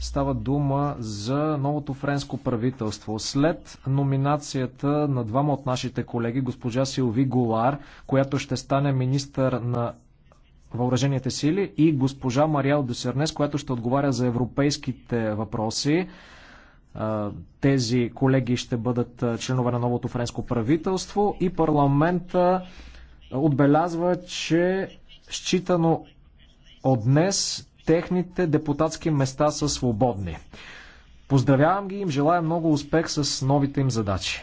Става дума за новото френско правителство. След номинацията на двама от нашите колеги, госпожа Силви Голар, която ще стане министър на въоръжените сили и госпожа Мариал Десернес, която ще отговаря за европейските въпроси. Тези колеги ще бъдат членове на новото френско правителство и парламента отбелязва, че считано от днес техните депутатски места са свободни. Поздравявам ги и им желая много успех с новите им задачи.